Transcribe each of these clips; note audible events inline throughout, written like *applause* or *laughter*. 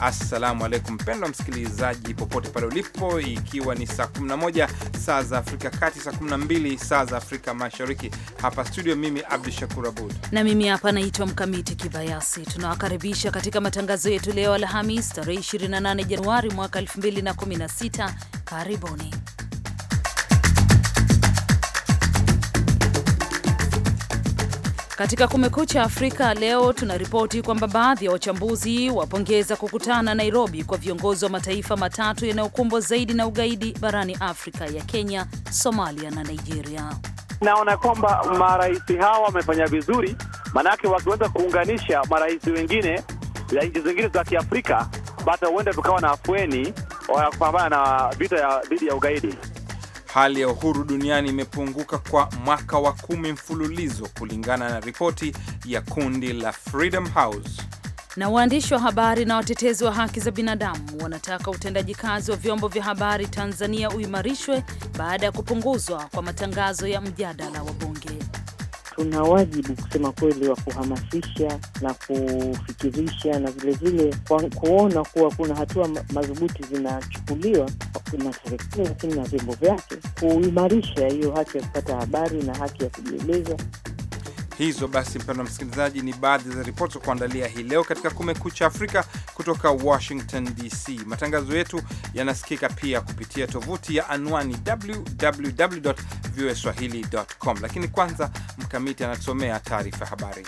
Assalamu alaikum mpendwa msikilizaji, popote pale ulipo, ikiwa ni saa 11 saa za Afrika kati, saa 12 saa za Afrika Mashariki. Hapa studio, mimi Abdu Shakur Abud na mimi hapa naitwa Mkamiti Kibayasi. Tunawakaribisha katika matangazo yetu leo Alhamis tarehe 28 Januari mwaka 2016. Karibuni. Katika Kumekucha Afrika leo tunaripoti kwamba baadhi ya wachambuzi wapongeza kukutana Nairobi kwa viongozi wa mataifa matatu yanayokumbwa zaidi na ugaidi barani Afrika ya Kenya, Somalia na Nigeria. Naona kwamba marais hawa wamefanya vizuri, maanake wakiweza kuunganisha marais wengine ya nchi zingine za Kiafrika, basi huenda tukawa na afueni wa kupambana na vita dhidi ya ugaidi. Hali ya uhuru duniani imepunguka kwa mwaka wa kumi mfululizo kulingana na ripoti ya kundi la Freedom House. Na waandishi wa habari na watetezi wa haki za binadamu wanataka utendaji kazi wa vyombo vya habari Tanzania uimarishwe baada ya kupunguzwa kwa matangazo ya mjadala wa bunge tuna wajibu kusema kweli wa kuhamasisha na kufikirisha na vilevile kuona kuwa kuna hatua madhubuti zinachukuliwa na serikali, lakini na vyombo vyake kuimarisha hiyo haki ya kupata habari na haki ya kujieleza hizo basi, mpendwa msikilizaji, ni baadhi za ripoti za kuandalia hii leo katika Kumekucha Afrika kutoka Washington DC. Matangazo yetu yanasikika pia kupitia tovuti ya anwani www voaswahili.com, lakini kwanza Mkamiti anatusomea taarifa ya habari.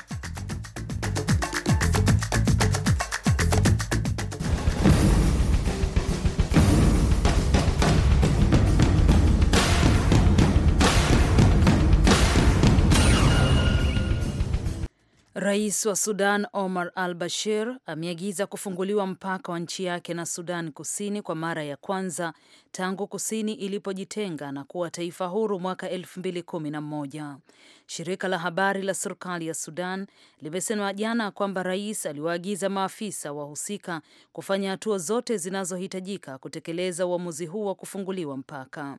Rais wa Sudan Omar al Bashir ameagiza kufunguliwa mpaka wa nchi yake na Sudan Kusini kwa mara ya kwanza tangu kusini ilipojitenga na kuwa taifa huru mwaka 2011. Shirika la habari la serikali ya Sudan limesema jana kwamba rais aliwaagiza maafisa wahusika kufanya hatua zote zinazohitajika kutekeleza uamuzi huu wa kufunguliwa mpaka.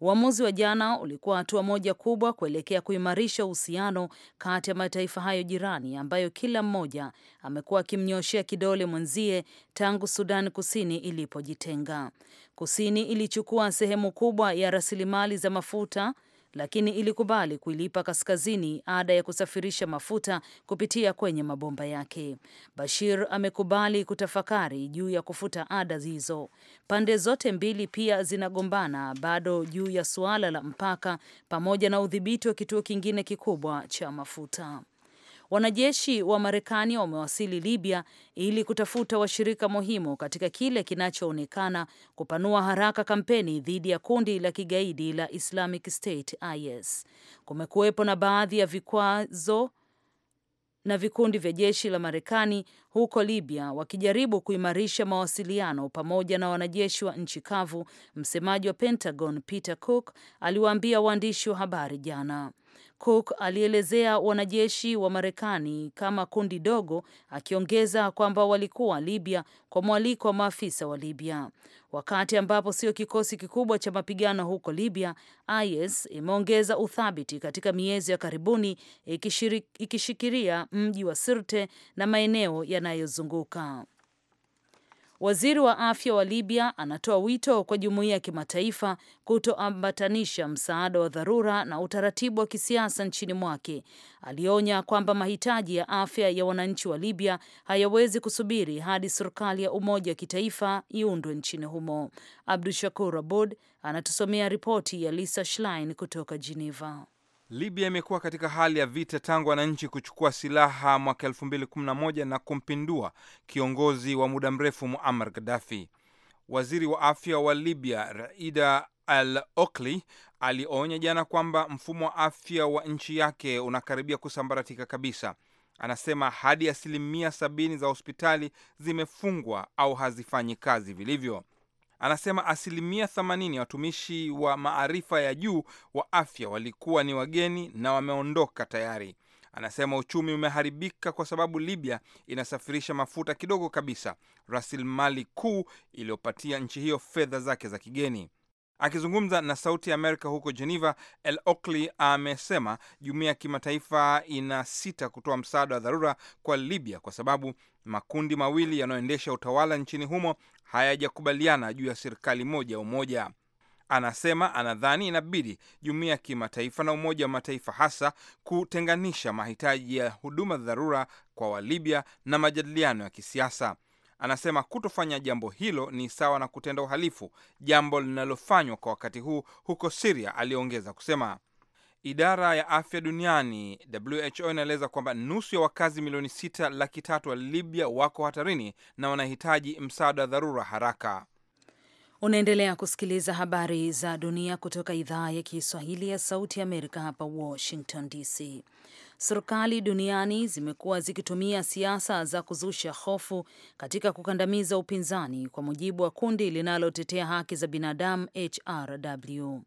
Uamuzi wa jana ulikuwa hatua moja kubwa kuelekea kuimarisha uhusiano kati ya mataifa hayo jirani ambayo kila mmoja amekuwa akimnyoshea kidole mwenzie tangu Sudan kusini ilipojitenga. Kusini ilichukua sehemu kubwa ya rasilimali za mafuta lakini ilikubali kuilipa kaskazini ada ya kusafirisha mafuta kupitia kwenye mabomba yake. Bashir amekubali kutafakari juu ya kufuta ada hizo. Pande zote mbili pia zinagombana bado juu ya suala la mpaka pamoja na udhibiti wa kituo kingine kikubwa cha mafuta. Wanajeshi wa Marekani wamewasili Libya ili kutafuta washirika muhimu katika kile kinachoonekana kupanua haraka kampeni dhidi ya kundi la kigaidi la Islamic State IS. Kumekuwepo na baadhi ya vikwazo na vikundi vya jeshi la Marekani huko Libya wakijaribu kuimarisha mawasiliano pamoja na wanajeshi wa nchi kavu. Msemaji wa Pentagon Peter Cook aliwaambia waandishi wa habari jana. Cook alielezea wanajeshi wa Marekani kama kundi dogo, akiongeza kwamba walikuwa Libya kwa mwaliko wa maafisa wa Libya, wakati ambapo sio kikosi kikubwa cha mapigano huko Libya. IS imeongeza uthabiti katika miezi ya karibuni, ikishikiria mji wa Sirte na maeneo yanayozunguka. Waziri wa afya wa Libya anatoa wito kwa jumuiya ya kimataifa kutoambatanisha msaada wa dharura na utaratibu wa kisiasa nchini mwake. Alionya kwamba mahitaji ya afya ya wananchi wa Libya hayawezi kusubiri hadi serikali ya umoja wa kitaifa iundwe nchini humo. Abdu Shakur Abud anatusomea ripoti ya Lisa Schlein kutoka Geneva. Libya imekuwa katika hali ya vita tangu wananchi kuchukua silaha mwaka 2011 na kumpindua kiongozi wa muda mrefu Muammar Gaddafi. Waziri wa afya wa Libya Raida Al Okli alionya jana kwamba mfumo wa afya wa nchi yake unakaribia kusambaratika kabisa. Anasema hadi asilimia sabini za hospitali zimefungwa au hazifanyi kazi vilivyo. Anasema asilimia 80 ya watumishi wa maarifa ya juu wa afya walikuwa ni wageni na wameondoka tayari. Anasema uchumi umeharibika kwa sababu Libya inasafirisha mafuta kidogo kabisa, rasilimali kuu iliyopatia nchi hiyo fedha zake za kigeni. Akizungumza na Sauti ya Amerika huko Geneva, El Okli amesema jumuiya ya kimataifa ina sita kutoa msaada wa dharura kwa Libya kwa sababu makundi mawili yanayoendesha utawala nchini humo hayajakubaliana juu ya serikali moja umoja. Anasema anadhani inabidi jumuiya ya kimataifa na Umoja wa Mataifa hasa kutenganisha mahitaji ya huduma dharura kwa Walibya na majadiliano ya kisiasa anasema kutofanya jambo hilo ni sawa na kutenda uhalifu, jambo linalofanywa kwa wakati huu huko Siria. Aliongeza kusema idara ya afya duniani WHO inaeleza kwamba nusu ya wakazi milioni sita laki tatu wa Libya wako hatarini na wanahitaji msaada wa dharura haraka. Unaendelea kusikiliza habari za dunia kutoka idhaa ya Kiswahili ya Sauti ya Amerika hapa Washington DC serikali duniani zimekuwa zikitumia siasa za kuzusha hofu katika kukandamiza upinzani, kwa mujibu wa kundi linalotetea haki za binadamu HRW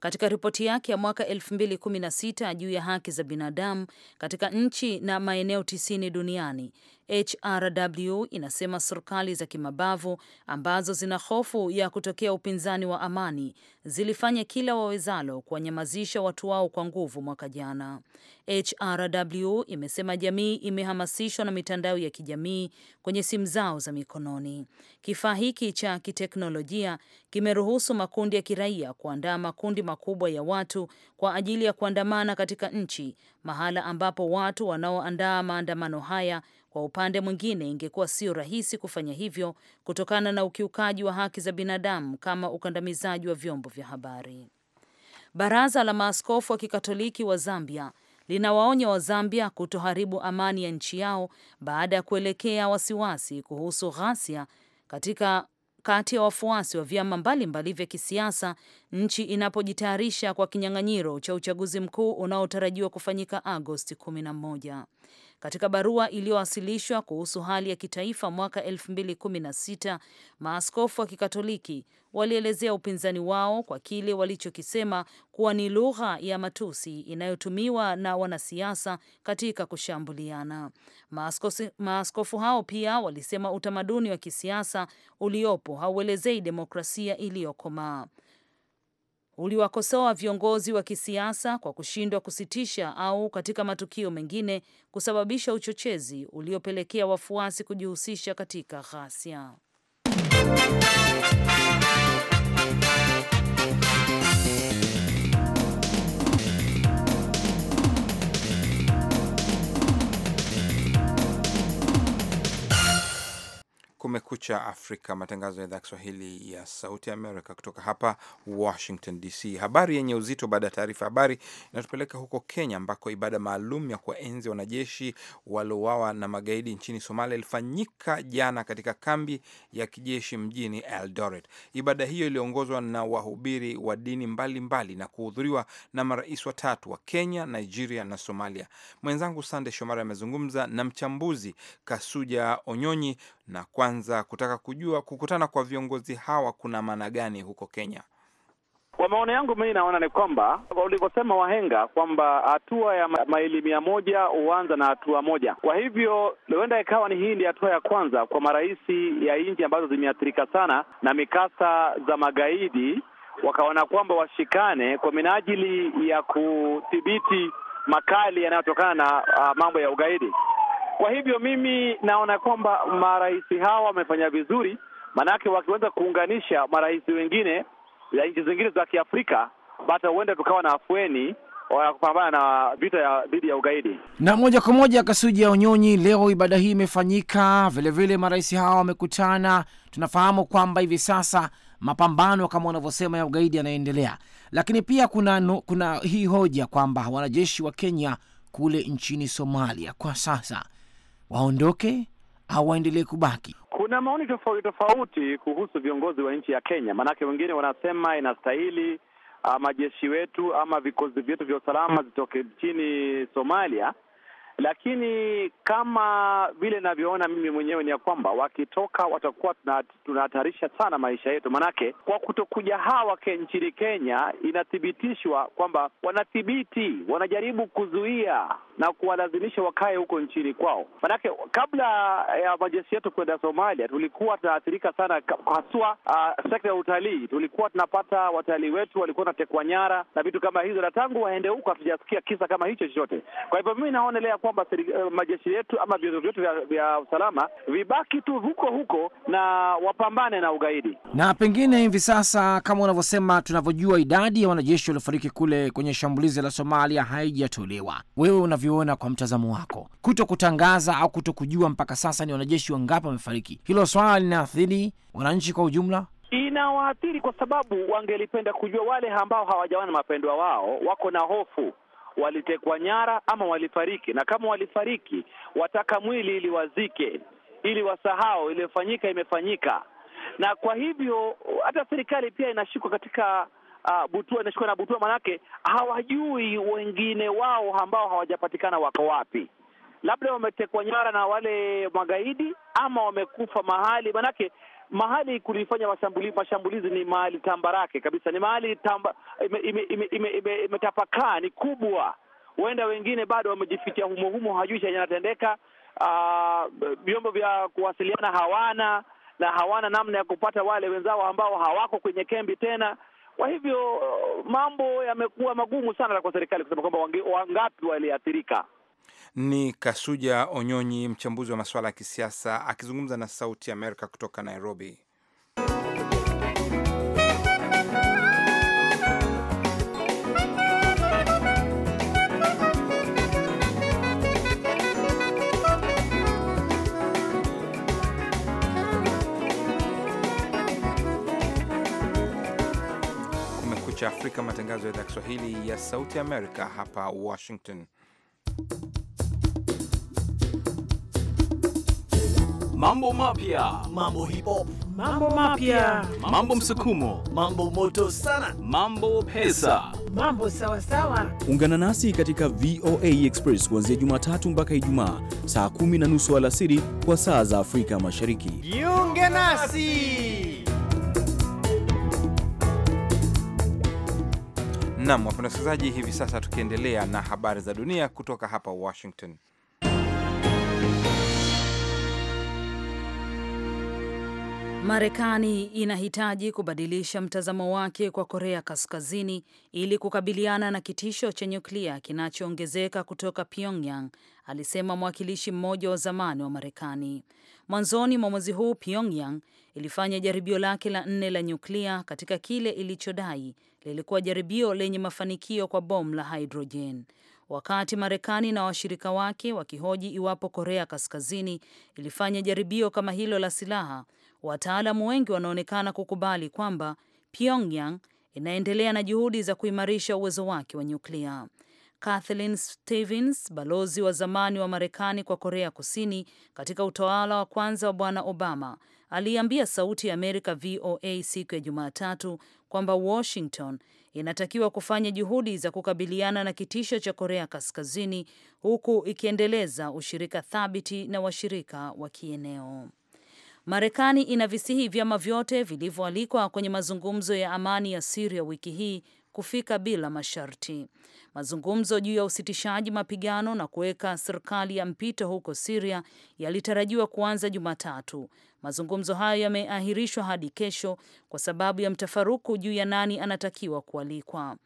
katika ripoti yake ya mwaka 2016 juu ya haki za binadamu katika nchi na maeneo tisini duniani. HRW inasema serikali za kimabavu ambazo zina hofu ya kutokea upinzani wa amani zilifanya kila wawezalo kuwanyamazisha watu wao kwa nguvu mwaka jana. HRW imesema jamii imehamasishwa na mitandao ya kijamii kwenye simu zao za mikononi. Kifaa hiki cha kiteknolojia kimeruhusu makundi ya kiraia kuandaa makundi makubwa ya watu kwa ajili ya kuandamana katika nchi, mahala ambapo watu wanaoandaa maandamano haya kwa upande mwingine ingekuwa sio rahisi kufanya hivyo kutokana na ukiukaji wa haki za binadamu kama ukandamizaji wa vyombo vya habari. Baraza la maaskofu wa Kikatoliki wa Zambia linawaonya Wazambia kutoharibu amani ya nchi yao baada ya kuelekea wasiwasi kuhusu ghasia katika kati ya wafuasi wa vyama mbalimbali vya kisiasa nchi inapojitayarisha kwa kinyang'anyiro cha uchaguzi mkuu unaotarajiwa kufanyika Agosti 11. Katika barua iliyowasilishwa kuhusu hali ya kitaifa mwaka 2016, maaskofu wa Kikatoliki walielezea upinzani wao kwa kile walichokisema kuwa ni lugha ya matusi inayotumiwa na wanasiasa katika kushambuliana. Maaskofu hao pia walisema utamaduni wa kisiasa uliopo hauelezei demokrasia iliyokomaa uliwakosoa viongozi wa kisiasa kwa kushindwa kusitisha au katika matukio mengine kusababisha uchochezi uliopelekea wafuasi kujihusisha katika ghasia. Kumekucha Afrika, matangazo ya idhaa Kiswahili ya Sauti Amerika kutoka hapa Washington DC. Habari yenye uzito baada ya taarifa habari inatupeleka huko Kenya, ambako ibada maalum ya kuwaenzi wanajeshi waliowawa na magaidi nchini Somalia ilifanyika jana katika kambi ya kijeshi mjini Eldoret. Ibada hiyo iliongozwa na wahubiri wa dini mbalimbali mbali na kuhudhuriwa na marais watatu wa Kenya, Nigeria na Somalia. Mwenzangu Sande Shomari amezungumza na mchambuzi Kasuja Onyonyi na kwanza kwanza kutaka kujua kukutana kwa viongozi hawa kuna maana gani huko Kenya. Kwa maoni yangu mimi naona ni kwamba ulivyosema wahenga kwamba hatua ya maili mia moja huanza na hatua moja. Kwa hivyo huenda ikawa ni hii ndi hatua ya kwanza kwa marais ya nchi ambazo zimeathirika sana na mikasa za magaidi, wakaona kwamba washikane kwa minajili ya kudhibiti makali yanayotokana na uh, mambo ya ugaidi. Kwa hivyo mimi naona kwamba marais hawa wamefanya vizuri, maanake wakiweza kuunganisha marais wengine ya nchi zingine za Kiafrika, bata huenda tukawa na afueni kupambana na vita dhidi ya, ya ugaidi. Na moja kwa moja Kasuji ya Unyonyi, leo ibada hii imefanyika vilevile, marais hawa wamekutana. Tunafahamu kwamba hivi sasa mapambano kama wanavyosema ya ugaidi yanaendelea, lakini pia kuna, no, kuna hii hoja kwamba wanajeshi wa Kenya kule nchini Somalia kwa sasa waondoke au waendelee kubaki? Kuna maoni tofauti tofauti kuhusu viongozi wa nchi ya Kenya, maanake wengine wanasema inastahili ah, majeshi wetu ama vikosi vyetu vya usalama zitoke nchini Somalia lakini kama vile navyoona mimi mwenyewe ni ya kwamba wakitoka watakuwa tunahatarisha sana maisha yetu, manake kwa kutokuja hawa ke nchini Kenya inathibitishwa kwamba wanathibiti, wanajaribu kuzuia na kuwalazimisha wakae huko nchini kwao, manake kabla eh, ya majeshi yetu kwenda Somalia tulikuwa tunaathirika sana haswa uh, sekta ya utalii. Tulikuwa tunapata watalii wetu walikuwa natekwa nyara na vitu kama hizo, na tangu waende huko hatujasikia kisa kama hicho chochote. Kwa hivyo mimi naonelea kwamba eh, majeshi yetu ama vyanzo vyetu vya, vya usalama vibaki tu huko huko na wapambane na ugaidi. Na pengine hivi sasa, kama unavyosema, tunavyojua idadi ya wanajeshi waliofariki kule kwenye shambulizi la Somalia haijatolewa. Wewe unavyoona kwa mtazamo wako, kuto kutangaza au kuto kujua mpaka sasa ni wanajeshi wangapi wamefariki, hilo swala linaathiri wananchi kwa ujumla? Inawaathiri kwa sababu wangelipenda kujua. Wale ambao hawajawana mapendwa wao wako na hofu walitekwa nyara ama walifariki, na kama walifariki, wataka mwili ili wazike, ili wasahau iliyofanyika imefanyika. Na kwa hivyo hata serikali pia inashikwa katika uh, butua, inashikwa na butua, manake hawajui wengine wao ambao hawajapatikana wako wapi labda wametekwa nyara na wale magaidi ama wamekufa mahali, manake mahali kulifanya mashambulizi ni mahali tambarake kabisa, ni mahali tamba, imetapakaa ni kubwa. Huenda wengine bado wamejifikia humo humo, hajui chenye anatendeka. Ah, vyombo vya kuwasiliana hawana na hawana namna ya kupata wale wenzao ambao hawako kwenye kambi tena. Kwa hivyo mambo yamekuwa magumu sana kwa serikali kusema kwamba wangapi waliathirika. Ni Kasuja Onyonyi, mchambuzi wa masuala ya kisiasa, akizungumza na Sauti Amerika kutoka Nairobi. Kumekucha Afrika, matangazo ya idhaa Kiswahili ya Sauti Amerika hapa Washington. mambo mapya, mambo hip hop, mambo mapya, mambo msukumo, mambo moto sana, mambo pesa, mambo sawa sawa. Ungana nasi katika VOA Express kuanzia Jumatatu mpaka Ijumaa saa kumi na nusu alasiri kwa saa za Afrika Mashariki. Jiunge nasi. Naam, wapenda wasikilizaji, hivi sasa tukiendelea na habari za dunia kutoka hapa Washington. Marekani inahitaji kubadilisha mtazamo wake kwa Korea Kaskazini ili kukabiliana na kitisho cha nyuklia kinachoongezeka kutoka Pyongyang, alisema mwakilishi mmoja wa zamani wa Marekani. Mwanzoni mwa mwezi huu, Pyongyang ilifanya jaribio lake la nne la nyuklia katika kile ilichodai lilikuwa jaribio lenye mafanikio kwa bomu la hidrojen. Wakati Marekani na washirika wake wakihoji iwapo Korea Kaskazini ilifanya jaribio kama hilo la silaha, Wataalamu wengi wanaonekana kukubali kwamba Pyongyang inaendelea na juhudi za kuimarisha uwezo wake wa nyuklia. Kathleen Stevens, balozi wa zamani wa Marekani kwa Korea Kusini katika utawala wa kwanza wa Bwana Obama, aliambia Sauti ya Amerika VOA siku ya Jumatatu kwamba Washington inatakiwa kufanya juhudi za kukabiliana na kitisho cha Korea Kaskazini huku ikiendeleza ushirika thabiti na washirika wa kieneo. Marekani inavisihi vyama vyote vilivyoalikwa kwenye mazungumzo ya amani ya Siria wiki hii kufika bila masharti. Mazungumzo juu ya usitishaji mapigano na kuweka serikali ya mpito huko Siria yalitarajiwa kuanza Jumatatu. Mazungumzo hayo yameahirishwa hadi kesho kwa sababu ya mtafaruku juu ya nani anatakiwa kualikwa.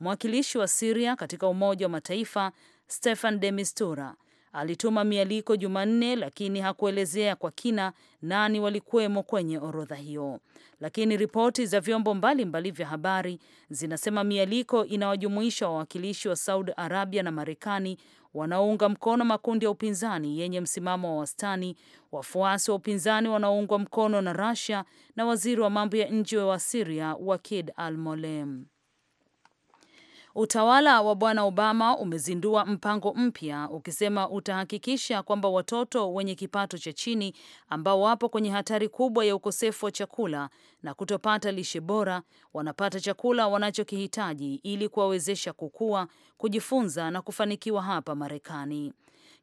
Mwakilishi wa Siria katika Umoja wa Mataifa Stefan de Mistura alituma mialiko Jumanne, lakini hakuelezea kwa kina nani walikuwemo kwenye orodha hiyo. Lakini ripoti za vyombo mbalimbali vya habari zinasema mialiko inawajumuisha wawakilishi wa Saudi Arabia na Marekani wanaounga mkono makundi ya upinzani yenye msimamo wa wastani, wafuasi wa upinzani wanaoungwa mkono na Russia na waziri wa mambo ya nje wa Siria Wakid al-Molem. Utawala wa Bwana Obama umezindua mpango mpya ukisema utahakikisha kwamba watoto wenye kipato cha chini ambao wapo kwenye hatari kubwa ya ukosefu wa chakula na kutopata lishe bora wanapata chakula wanachokihitaji ili kuwawezesha kukua, kujifunza na kufanikiwa hapa Marekani.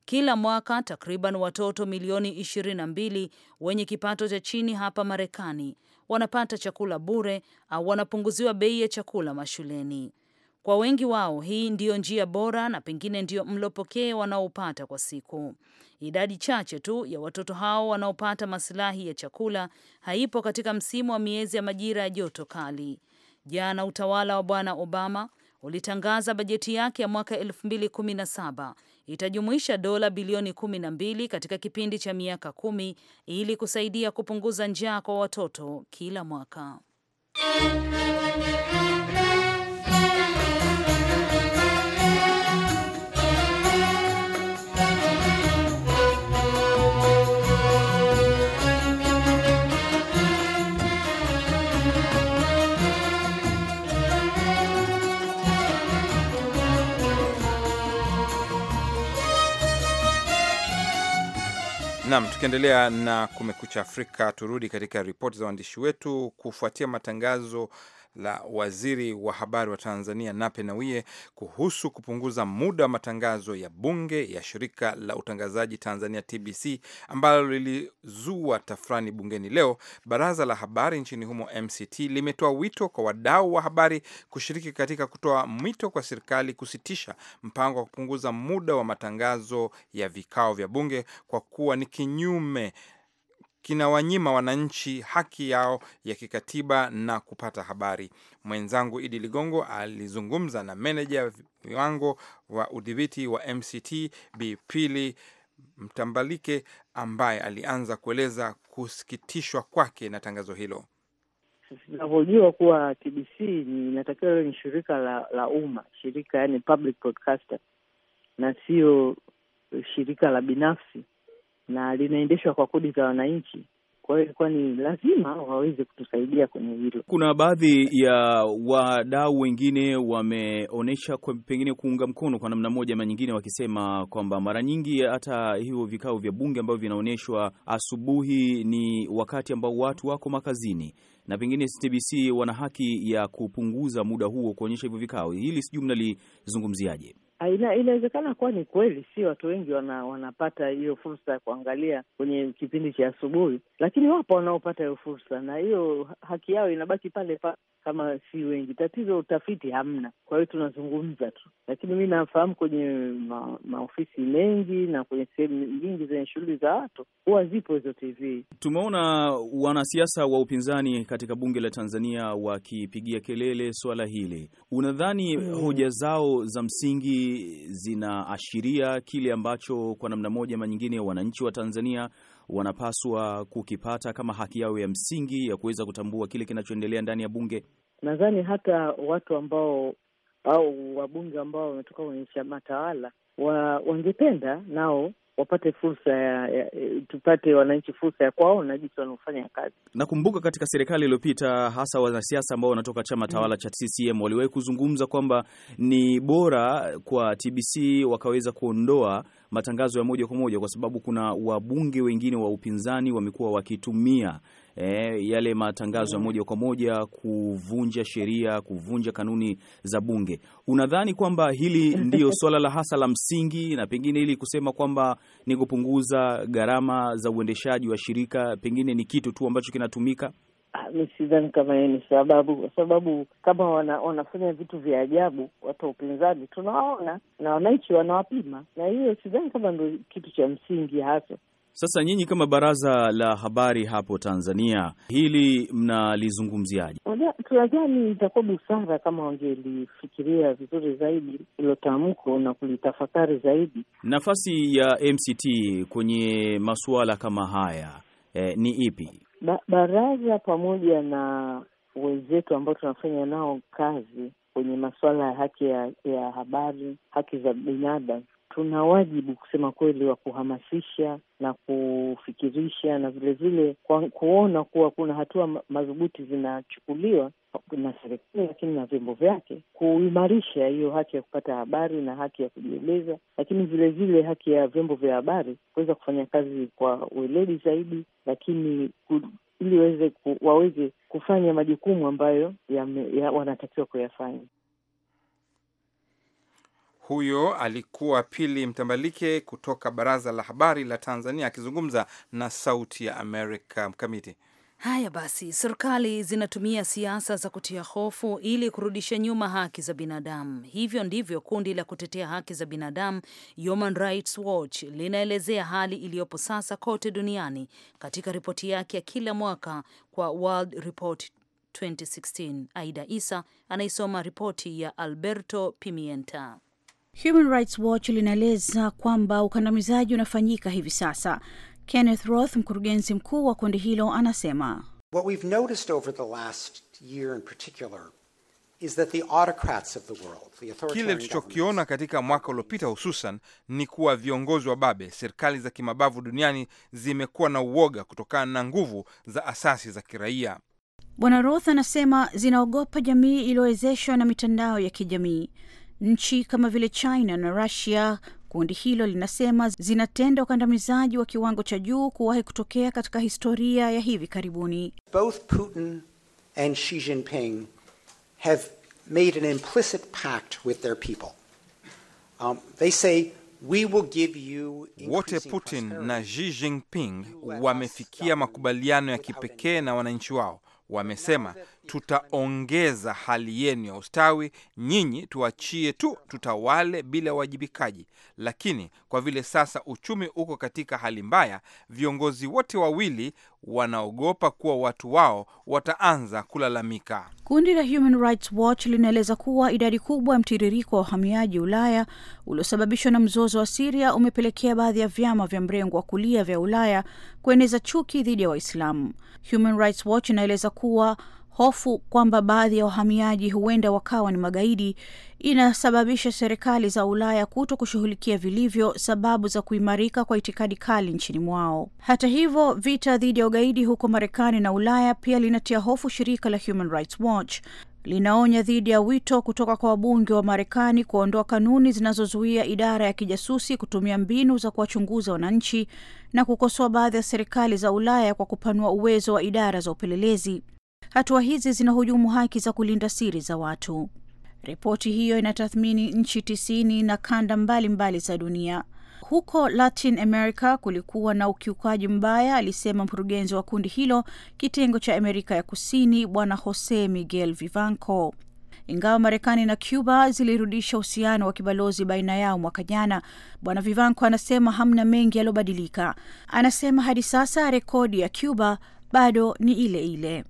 Kila mwaka takriban watoto milioni 22 wenye kipato cha chini hapa Marekani wanapata chakula bure au wanapunguziwa bei ya chakula mashuleni. Kwa wengi wao hii ndiyo njia bora na pengine ndiyo mlo pekee wanaopata kwa siku. Idadi chache tu ya watoto hao wanaopata masilahi ya chakula haipo katika msimu wa miezi ya majira ya joto kali. Jana utawala wa Bwana Obama ulitangaza bajeti yake ya mwaka 2017 itajumuisha dola bilioni 12 katika kipindi cha miaka kumi ili kusaidia kupunguza njaa kwa watoto kila mwaka. Nam, tukiendelea na Kumekucha Afrika, turudi katika ripoti za waandishi wetu kufuatia matangazo la waziri wa habari wa Tanzania Nape Nnauye kuhusu kupunguza muda wa matangazo ya bunge ya shirika la utangazaji Tanzania TBC ambalo lilizua tafrani bungeni leo. Baraza la habari nchini humo MCT limetoa wito kwa wadau wa habari kushiriki katika kutoa mwito kwa serikali kusitisha mpango wa kupunguza muda wa matangazo ya vikao vya bunge kwa kuwa ni kinyume kinawanyima wananchi haki yao ya kikatiba na kupata habari. Mwenzangu Idi Ligongo alizungumza na meneja viwango wa udhibiti wa MCT Bi Pili Mtambalike ambaye alianza kueleza kusikitishwa kwake na tangazo hilo. Navyojua kuwa TBC inatakiwa ni shirika la, la umma shirika, yani public broadcaster, na sio shirika la binafsi na linaendeshwa kwa kodi za wananchi. Kwa hiyo ilikuwa ni lazima waweze kutusaidia kwenye hilo. Kuna baadhi ya wadau wengine wameonyesha pengine kuunga mkono kwa namna moja ama nyingine, wakisema kwamba mara nyingi hata hivyo vikao vya bunge ambavyo vinaonyeshwa asubuhi ni wakati ambao watu wako makazini na pengine TBC wana haki ya kupunguza muda huo kuonyesha hivyo vikao. Hili sijui mnalizungumziaje? Ah, ina, inawezekana kuwa ni kweli, si watu wengi wana, wanapata hiyo fursa ya kuangalia kwenye kipindi cha asubuhi, lakini wapo wanaopata hiyo fursa na hiyo haki yao inabaki pale pa kama si wengi. Tatizo utafiti hamna, kwa hiyo tunazungumza tu, lakini mi nafahamu kwenye ma, maofisi mengi na kwenye sehemu nyingi zenye shughuli za watu huwa zipo hizo TV. Tumeona wanasiasa wa upinzani katika bunge la Tanzania wakipigia kelele swala hili. Unadhani hmm, hoja zao za msingi zinaashiria kile ambacho kwa namna moja ama nyingine wananchi wa Tanzania wanapaswa kukipata kama haki yao ya msingi ya kuweza kutambua kile kinachoendelea ndani ya bunge. Nadhani hata watu ambao au wabunge ambao wametoka kwenye chama tawala wa, wangependa nao wapate fursa ya, ya tupate wananchi fursa ya kwao na jinsi wanaofanya kazi. Nakumbuka katika serikali iliyopita, hasa wanasiasa ambao wanatoka chama tawala mm. cha CCM waliwahi kuzungumza kwamba ni bora kwa TBC wakaweza kuondoa matangazo ya moja kwa moja, kwa sababu kuna wabunge wengine wa upinzani wamekuwa wakitumia e, yale matangazo ya moja kwa moja kuvunja sheria, kuvunja kanuni za bunge. Unadhani kwamba hili ndiyo *laughs* swala la hasa la msingi, na pengine ili kusema kwamba ni kupunguza gharama za uendeshaji wa shirika, pengine ni kitu tu ambacho kinatumika? Ah, sidhani kama hiyo ni sababu, kwa sababu kama wana, wanafanya vitu vya ajabu, watu wa upinzani tunawaona na wananchi wanawapima, na hiyo sidhani kama ndo kitu cha msingi hasa. Sasa nyinyi kama baraza la habari hapo Tanzania, hili mnalizungumziaje? Tunadhani itakuwa busara kama wangelifikiria vizuri zaidi hilo tamko na kulitafakari zaidi. Nafasi ya MCT kwenye masuala kama haya eh, ni ipi? Ba baraza pamoja na wenzetu ambao tunafanya nao kazi kwenye masuala ya haki ya, ya habari, haki za binadamu tuna wajibu kusema kweli wa kuhamasisha na kufikirisha na vilevile vile kuona kuwa kuna hatua madhubuti zinachukuliwa na serikali lakini na vyombo vyake kuimarisha hiyo haki ya kupata habari na haki ya kujieleza, lakini vilevile haki ya vyombo vya habari kuweza kufanya kazi kwa weledi zaidi, lakini ku, ili waweze kufanya majukumu ambayo ya, ya, wanatakiwa kuyafanya. Huyo alikuwa Pili Mtambalike kutoka Baraza la Habari la Tanzania akizungumza na Sauti ya Amerika. Mkamiti Haya basi, serikali zinatumia siasa za kutia hofu ili kurudisha nyuma haki za binadamu. Hivyo ndivyo kundi la kutetea haki za binadamu Human Rights Watch linaelezea hali iliyopo sasa kote duniani katika ripoti yake ya kila mwaka kwa World Report 2016. Aida Isa anaisoma ripoti ya Alberto Pimienta. Human Rights Watch linaeleza kwamba ukandamizaji unafanyika hivi sasa. Kenneth Roth, mkurugenzi mkuu wa kundi hilo, anasema What we've noticed over the last year in particular is that the autocrats of the world, the authoritarian kile tulichokiona katika mwaka uliopita hususan ni kuwa viongozi wa babe, serikali za kimabavu duniani zimekuwa na uoga kutokana na nguvu za asasi za kiraia. Bwana Roth anasema zinaogopa jamii iliyowezeshwa na mitandao ya kijamii. Nchi kama vile China na rusia kundi hilo linasema zinatenda ukandamizaji wa kiwango cha juu kuwahi kutokea katika historia ya hivi karibuni. Both Putin and Xi Jinping have made an implicit pact with their people. Um, they say We will give you wote Putin na Xi Jinping wamefikia makubaliano ya kipekee na wananchi wao. Wamesema tutaongeza hali yenu ya ustawi, nyinyi tuachie tu tutawale bila uwajibikaji. Lakini kwa vile sasa uchumi uko katika hali mbaya, viongozi wote wawili wanaogopa kuwa watu wao wataanza kulalamika. Kundi la Human Rights Watch linaeleza kuwa idadi kubwa ya mtiririko wa wahamiaji Ulaya uliosababishwa na mzozo wa Siria umepelekea baadhi ya vyama vya mrengo wa kulia vya Ulaya kueneza chuki dhidi ya Waislamu. Human Rights Watch inaeleza kuwa hofu kwamba baadhi ya wahamiaji huenda wakawa ni magaidi inasababisha serikali za Ulaya kuto kushughulikia vilivyo sababu za kuimarika kwa itikadi kali nchini mwao. Hata hivyo, vita dhidi ya ugaidi huko Marekani na Ulaya pia linatia hofu. Shirika la Human Rights Watch linaonya dhidi ya wito kutoka kwa wabunge wa Marekani kuondoa kanuni zinazozuia idara ya kijasusi kutumia mbinu za kuwachunguza wananchi na kukosoa baadhi ya serikali za Ulaya kwa kupanua uwezo wa idara za upelelezi. Hatua hizi zinahujumu haki za kulinda siri za watu. Ripoti hiyo inatathmini nchi tisini na kanda mbalimbali mbali za dunia. Huko Latin America kulikuwa na ukiukaji mbaya, alisema mkurugenzi wa kundi hilo kitengo cha Amerika ya Kusini, Bwana Jose Miguel Vivanco. Ingawa Marekani na Cuba zilirudisha uhusiano wa kibalozi baina yao mwaka jana, Bwana Vivanco anasema hamna mengi yaliyobadilika. Anasema hadi sasa rekodi ya Cuba bado ni ile ile.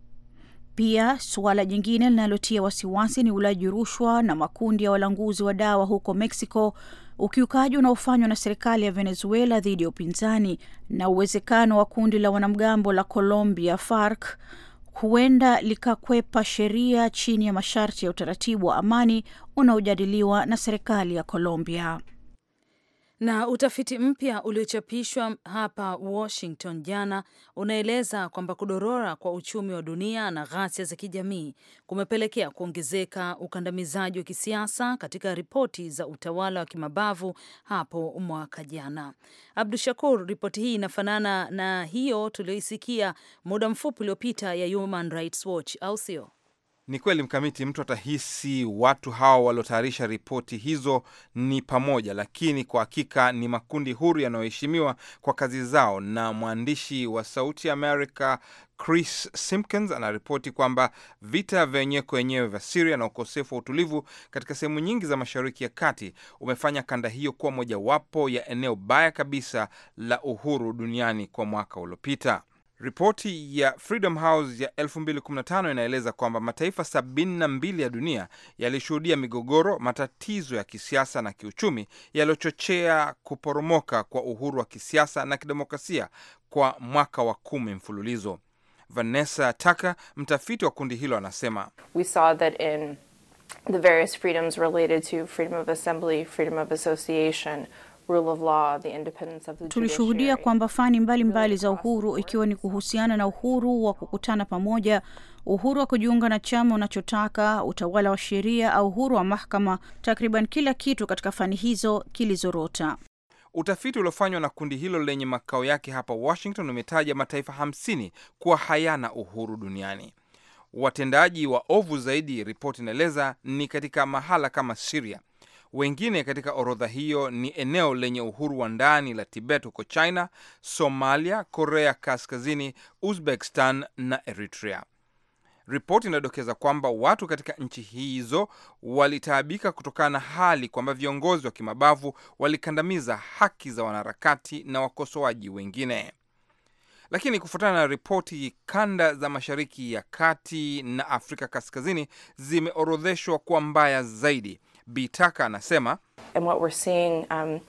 Pia suala jingine linalotia wasiwasi ni ulaji rushwa na makundi ya walanguzi wa dawa huko Mexico, ukiukaji unaofanywa na serikali ya Venezuela dhidi ya upinzani na uwezekano wa kundi la wanamgambo la Colombia FARC huenda likakwepa sheria chini ya masharti ya utaratibu wa amani unaojadiliwa na serikali ya Colombia. Na utafiti mpya uliochapishwa hapa Washington jana unaeleza kwamba kudorora kwa uchumi wa dunia na ghasia za kijamii kumepelekea kuongezeka ukandamizaji wa kisiasa katika ripoti za utawala wa kimabavu hapo mwaka jana. Abdu Shakur, ripoti hii inafanana na hiyo tuliyoisikia muda mfupi uliopita ya Human Rights Watch, au sio? Ni kweli mkamiti, mtu atahisi watu hawa waliotayarisha ripoti hizo ni pamoja, lakini kwa hakika ni makundi huru yanayoheshimiwa kwa kazi zao. Na mwandishi wa Sauti America Chris Simpkins anaripoti kwamba vita vya wenyewe kwa wenyewe vya Siria na ukosefu wa utulivu katika sehemu nyingi za Mashariki ya Kati umefanya kanda hiyo kuwa mojawapo ya eneo baya kabisa la uhuru duniani kwa mwaka uliopita. Ripoti ya Freedom House ya 2015 inaeleza kwamba mataifa 72 ya dunia yalishuhudia migogoro, matatizo ya kisiasa na kiuchumi yaliyochochea kuporomoka kwa uhuru wa kisiasa na kidemokrasia kwa mwaka wa kumi mfululizo. Vanessa Taka, mtafiti wa kundi hilo, anasema We saw that in the various freedoms related to freedom of assembly, freedom of association Tulishuhudia kwamba fani mbalimbali mbali za uhuru, ikiwa ni kuhusiana na uhuru wa kukutana pamoja, uhuru wa kujiunga na chama unachotaka, utawala wa sheria au uhuru wa mahakama, takriban kila kitu katika fani hizo kilizorota. Utafiti uliofanywa na kundi hilo lenye makao yake hapa Washington umetaja mataifa 50 kuwa hayana uhuru duniani. Watendaji wa ovu zaidi, ripoti inaeleza, ni katika mahala kama Siria wengine katika orodha hiyo ni eneo lenye uhuru wa ndani la Tibet huko China, Somalia, Korea Kaskazini, Uzbekistan na Eritrea. Ripoti inadokeza kwamba watu katika nchi hizo walitaabika kutokana na hali kwamba viongozi wa kimabavu walikandamiza haki za wanaharakati na wakosoaji wengine. Lakini kufuatana na ripoti, kanda za Mashariki ya Kati na Afrika Kaskazini zimeorodheshwa kuwa mbaya zaidi Bitaka anasema And what we're seeing, um,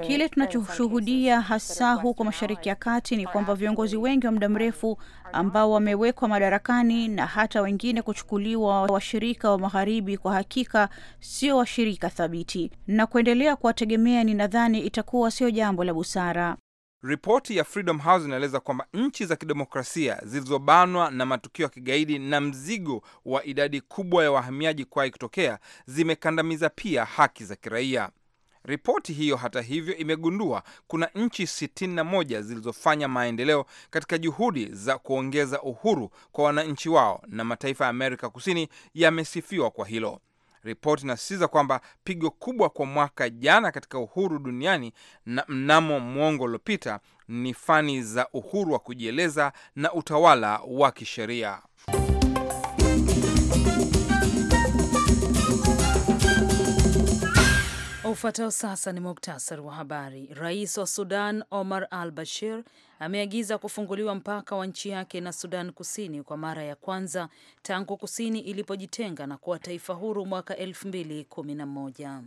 Kile tunachoshuhudia hasa huko Mashariki ya Kati ni kwamba viongozi wengi wa muda mrefu ambao wamewekwa madarakani na hata wengine kuchukuliwa washirika wa magharibi, kwa hakika sio washirika thabiti, na kuendelea kuwategemea, ni nadhani itakuwa sio jambo la busara. Ripoti ya Freedom House inaeleza kwamba nchi za kidemokrasia zilizobanwa na matukio ya kigaidi na mzigo wa idadi kubwa ya wahamiaji kuwahi kutokea zimekandamiza pia haki za kiraia. Ripoti hiyo hata hivyo imegundua kuna nchi 61 zilizofanya maendeleo katika juhudi za kuongeza uhuru kwa wananchi wao, na mataifa ya Amerika Kusini yamesifiwa kwa hilo. Ripoti inasisitiza kwamba pigo kubwa kwa mwaka jana katika uhuru duniani na mnamo mwongo uliopita ni fani za uhuru wa kujieleza na utawala wa kisheria. ufuatao sasa ni muktasari wa habari. Rais wa Sudan Omar al Bashir ameagiza kufunguliwa mpaka wa nchi yake na Sudan Kusini kwa mara ya kwanza tangu kusini ilipojitenga na kuwa taifa huru mwaka elfu mbili kumi na moja.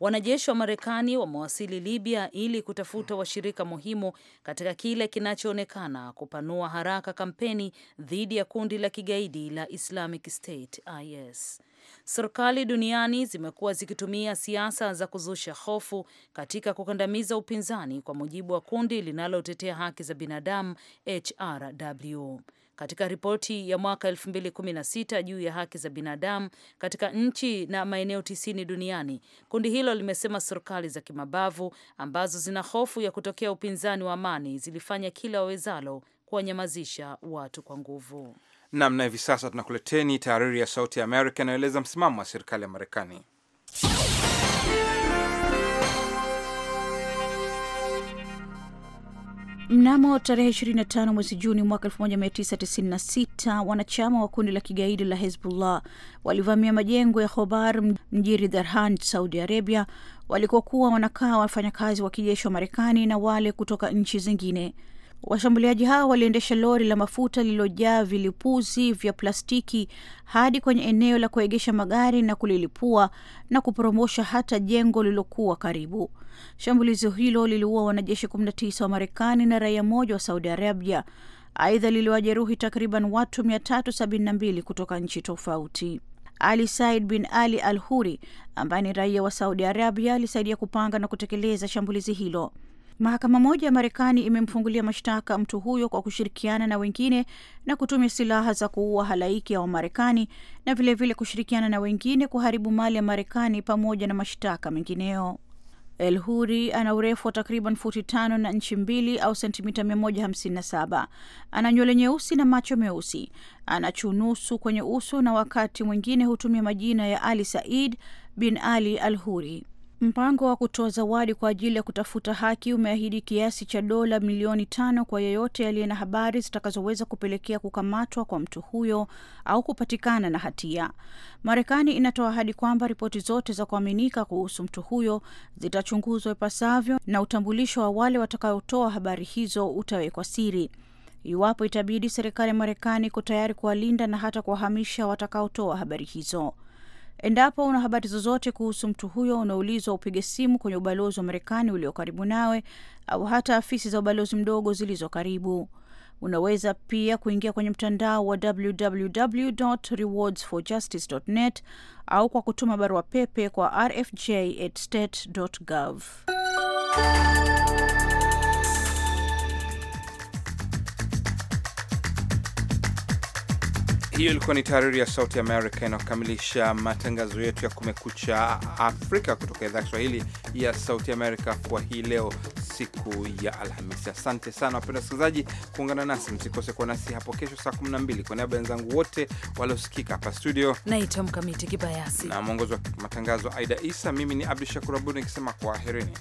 Wanajeshi wa Marekani wamewasili Libya ili kutafuta washirika muhimu katika kile kinachoonekana kupanua haraka kampeni dhidi ya kundi la kigaidi la Islamic State IS. Serikali duniani zimekuwa zikitumia siasa za kuzusha hofu katika kukandamiza upinzani, kwa mujibu wa kundi linalotetea haki za binadamu HRW. Katika ripoti ya mwaka 2016 juu ya haki za binadamu katika nchi na maeneo tisini duniani, kundi hilo limesema serikali za kimabavu ambazo zina hofu ya kutokea upinzani wa amani zilifanya kila wawezalo kuwanyamazisha watu kwa nguvu namna. Hivi sasa tunakuleteni tahariri ya Sauti ya Amerika inayoeleza msimamo wa serikali ya Marekani. Mnamo tarehe 25 mwezi Juni mwaka 1996 wanachama wa kundi la kigaidi la Hezbollah walivamia majengo ya Khobar mjini Dharhan, Saudi Arabia, walikokuwa wanakaa wafanyakazi wa kijeshi wa Marekani na wale kutoka nchi zingine. Washambuliaji hao waliendesha lori la mafuta lililojaa vilipuzi vya plastiki hadi kwenye eneo la kuegesha magari na kulilipua na kuporomosha hata jengo lililokuwa karibu. Shambulizi hilo liliua wanajeshi 19 wa Marekani na raia mmoja wa Saudi Arabia. Aidha, liliwajeruhi takriban watu 372 kutoka nchi tofauti. Ali Said bin Ali Al Huri ambaye ni raia wa Saudi Arabia alisaidia kupanga na kutekeleza shambulizi hilo. Mahakama moja ya Marekani imemfungulia mashtaka mtu huyo kwa kushirikiana na wengine na kutumia silaha za kuua halaiki ya Wamarekani na vilevile vile kushirikiana na wengine kuharibu mali ya Marekani pamoja na mashtaka mengineyo. El Huri ana urefu wa takriban futi tano na nchi mbili au sentimita 157. Ana nywele nyeusi na macho meusi. Ana chunusu kwenye uso na wakati mwingine hutumia majina ya Ali Said bin Ali Al Huri. Mpango wa kutoa zawadi kwa ajili ya kutafuta haki umeahidi kiasi cha dola milioni tano kwa yeyote aliye na habari zitakazoweza kupelekea kukamatwa kwa mtu huyo au kupatikana na hatia. Marekani inatoa ahadi kwamba ripoti zote za kuaminika kuhusu mtu huyo zitachunguzwa ipasavyo na utambulisho wa wale watakaotoa habari hizo utawekwa siri. Iwapo itabidi, serikali ya Marekani iko tayari kuwalinda na hata kuwahamisha watakaotoa habari hizo. Endapo una habari zozote kuhusu mtu huyo unaulizwa, upige simu kwenye ubalozi wa Marekani ulio karibu nawe au hata afisi za ubalozi mdogo zilizo karibu. Unaweza pia kuingia kwenye mtandao wa www rewards for net au kwa kutuma barua pepe kwa rfj gov. Hiyo ilikuwa ni tahariri ya Sauti Amerika inayokamilisha matangazo yetu ya Kumekucha Afrika kutoka idhaa Kiswahili ya Sauti Amerika kwa hii leo, siku ya Alhamisi. Asante sana wapenda wasikilizaji kuungana nasi, msikose kuwa nasi hapo kesho saa 12. Kwa niaba ya wenzangu wote waliosikika hapa studio, naitwa Mkamiti Kibayasi na mwongozi wa matangazo Aida Isa, mimi ni Abdu Shakur Abud nikisema kwaherini.